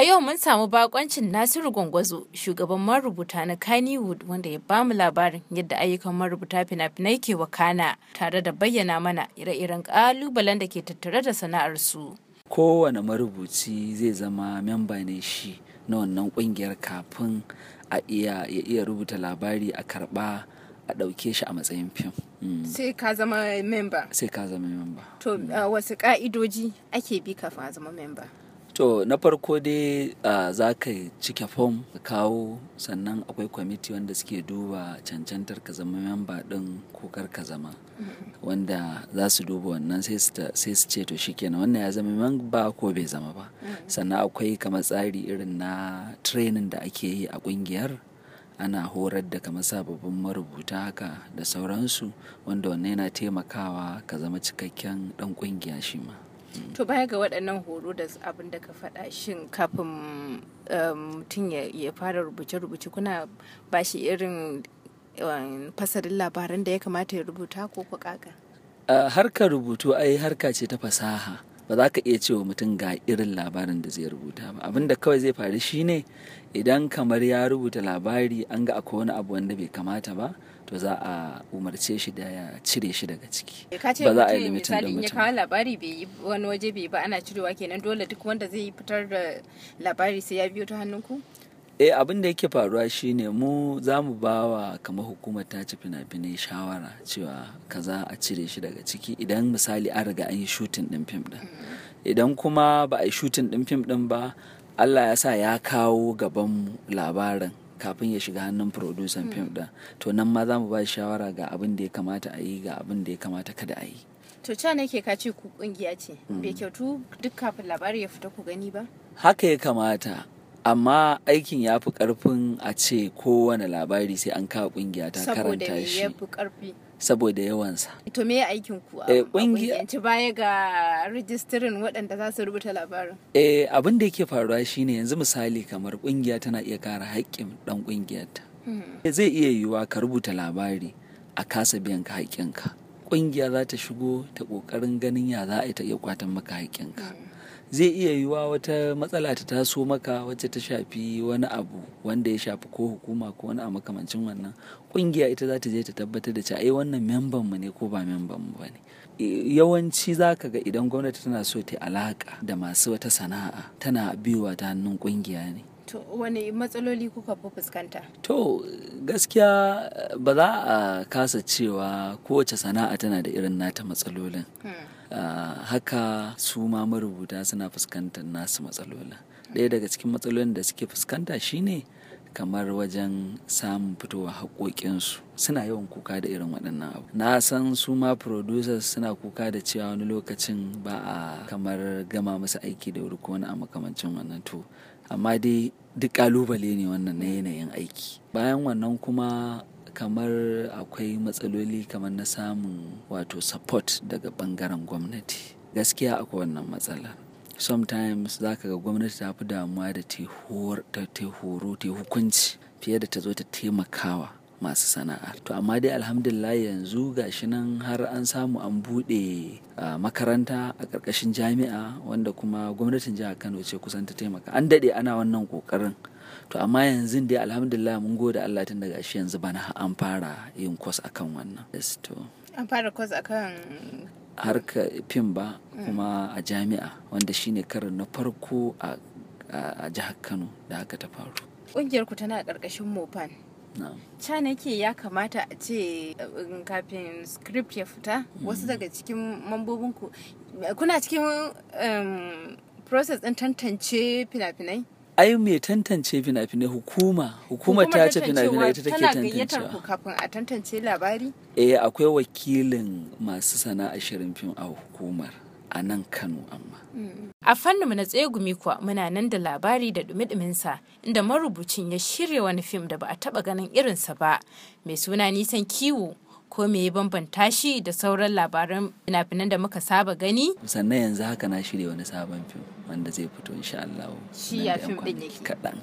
A yau mun samu bakoncin Nasiru Gwangwazo, shugaban marubuta na Kannywood wanda ya ba mu labarin yadda ayyukan marubuta fina-finai ke wakana tare da bayyana mana ire-iren kalubalen da ke tattare da sana'ar su. Kowane marubuci zai zama memba ne shi na wannan kungiyar kafin a iya ya iya rubuta labari a karba a dauke shi a matsayin fim. Mm. Sai ka zama memba. Sai ka zama memba. To mm. uh, wasu ƙa'idoji ake bi kafin a zama memba. To na farko dai za ka cike fom ka kawo sannan akwai kwamiti wanda suke duba cancantar ka zama memba ɗin kokar ka zama wanda za su duba wannan sai su ce to shi kenan wannan ya zama memba ko bai zama ba sannan akwai kamar tsari irin na training da ake yi a ƙungiyar ana horar da kamar sababbin marubuta haka da sauransu wanda wannan yana taimakawa ka zama cikakken ɗan ƙungiya shi ma. to baya ga waɗannan horo da abin da ka faɗa shin kafin eh, mutum ya fara rubuce-rubuce kuna ba shi irin eh, fasarin labaran da ya kamata ya rubuta ko ku kaka harkar rubutu ai harka ce ta fasaha ba za ka iya cewa mutum ga irin labarin da zai rubuta ba abin da kawai zai faru shine idan kamar ya rubuta labari an ga akwai wani abu wanda bai kamata ba to za a umarce shi da ya cire shi daga ciki eh, ba za a yi limitin da mutum kawo labari bai yi wani waje bai ba ana cirewa kenan dole duk wanda zai fitar da labari sai ya biyo ta hannunku eh abin da yake faruwa shine mu za mu ba wa kamar hukumar ta ci fina-finai shawara cewa kaza a cire shi daga ciki idan misali an riga an yi shutin din fim din mm. idan kuma ba a yi shutin din fim din ba allah ya sa ya kawo mu labarin kafin ya shiga hannun producer hmm. fim ɗin to nan ma za mu ba shawara ga abin da ya kamata a yi ga abin da ya kamata kada a yi to ca ka ce ku kungiya ce hmm. bai kyautu duk kafin labari ya fita ku gani ba haka ya kamata amma aikin ya fi karfin a ce kowane labari sai an kawo kungiya ta karanta shi saboda saboda yawansa. To me aikin ku a eh, baya ga rijistirin waɗanda za su rubuta labarin? Eh abin da yake faruwa shine yanzu misali kamar kungiya tana iya kara haƙƙin ɗan ƙungiyarta. Hmm. Eh, zai iya yiwuwa ka rubuta labari a kasa biyan ka haƙƙinka. kungiya za ta shigo ta ƙoƙarin ganin ya za a ta iya kwatan maka haƙƙinka. Hmm. zai iya yiwa wata matsala ta taso maka wacce ta shafi wani abu wanda ya shafi ko hukuma ko wani a makamancin wannan kungiya ita za ta je ta tabbatar da cewa ai wannan memban mu ne ko ba memban mu bane e, yawanci za ka ga idan gwamnati tana so ta alaka da masu wata sana'a tana biyowa ta hannun kungiya ne to wani matsaloli kuka fi fuskanta to gaskiya ba za a kasa cewa kowace sana'a tana da irin nata matsalolin hmm. Ah, haka su ma marubuta suna fuskantar nasu matsaloli ɗaya daga cikin matsalolin da suke fuskanta shine kamar wajen samun fitowa haƙoƙinsu suna yawan kuka da irin waɗannan abu na san su ma producers suna kuka da cewa wani lokacin ba a kamar gama musu aiki da wuri ko wani a makamancin wannan to amma dai duk ƙalubale ne wannan na yanayin aiki bayan wannan kuma kamar akwai matsaloli kamar na samun wato support daga ɓangaren gwamnati gaskiya akwai wannan matsalar sometimes za ka ga gwamnati ta fi damuwa da ta horo ta hukunci fiye da ta zo ta taimakawa masu sana'a to amma dai alhamdulillah yanzu gashi nan har an samu an buɗe makaranta a ƙarƙashin jami'a wanda kuma gwamnatin jihar kano ce kusan ta taimaka an daɗe ana wannan kokarin to amma yanzu dai alhamdulillah mun gode allah tun daga shi yanzu bana an fara yin kwas akan wannan an fara kwas akan harka fim ba mm. kuma a jami'a wanda shine karin na farko a jihar kano da haka ta faru ƙungiyarku tana ƙarƙashin mopan ca nake ya kamata a ce kafin script ya fita wasu mm. daga cikin mambobinku kuna cikin um, process ɗin tantance fina-finai ai mai tantance fina-finai hukuma hukuma ta ce fina-finai ita take tantancewa kafin a tantance labari eh akwai wakilin masu sana'a shirin fim a hukumar a nan Kano amma. A fanninmu na tsegumi kuwa muna nan da labari da dumi inda marubucin ya shirya wani fim da ba a taba ganin irinsa ba mai suna nisan kiwo ko me ya bambanta shi da sauran labaran fina-finan da muka saba gani. Sannan yanzu haka na shirya wani sabon fim wanda zai fito insha Allah. Shi ya fim yake. Kaɗan.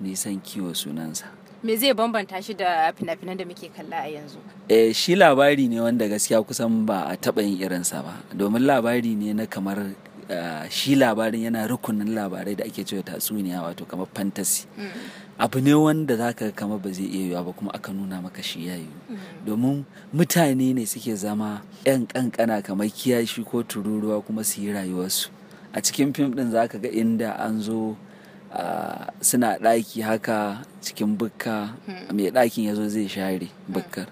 Nisan kiwo sunansa. me zai bambanta shi da fina-finan da muke kalla a yanzu eh shi labari ne wanda gaskiya kusan ba a taɓa yin irinsa ba domin labari ne na kamar eh, shi labarin yana rukunin labarai da ake cewa tatsuniya wato kamar fantasy mm. abu ne wanda zaka kama ba zai iya yiwa ba kuma aka nuna maka shi ya yiwu mm. domin mutane ne suke zama 'yan kankana kamar kiyashi ko tururuwa kuma su yi rayuwarsu a cikin fim din zaka ga inda an zo Ah, suna ɗaki haka cikin bukka mai hmm. ɗakin ya zo zai share hmm. bukkar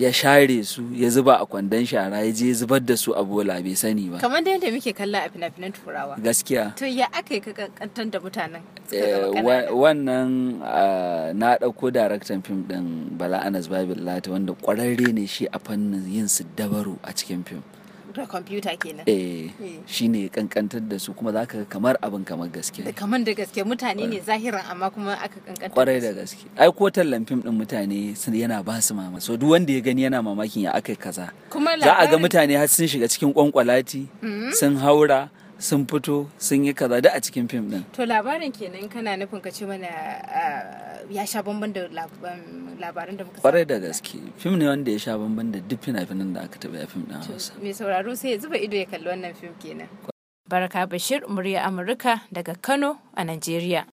ya share su ya zuba a kwandon shara ya je zubar da su a bola bai sani ba kamar da yadda muke kalla a fina-finan turawa gaskiya to ya aka yi kakantar da mutanen eh, wannan ah, na ɗauko daraktan fim ɗin bala anas babin lati wanda ƙwararre ne shi a fannin yin su dabaro a cikin fim da kwamfuta kenan eh, eh shine kankantar da su kuma zaka kamar abin kamar gaske kamar da gaske mutane ne zahiran amma kuma aka kankantar kwarai da gaske ai ko tallan fim din mutane sun yana ba su mama so duk wanda ya gani yana mamakin ya aka kaza za a ga mutane har sun shiga cikin kwankwalati mm. sun haura sun fito sun yi kaza da a cikin fim din to labarin kenan kana nufin ka ce mana eh, ya sha bamban da labarin da muka kwarai da gaske fim ne wanda ya sha bamban da duk fina-finan da aka taɓa ya fim din hausa mai sauraro sai ya zuba ido ya kalli wannan fim kenan baraka bashir murya amurka daga kano a najeriya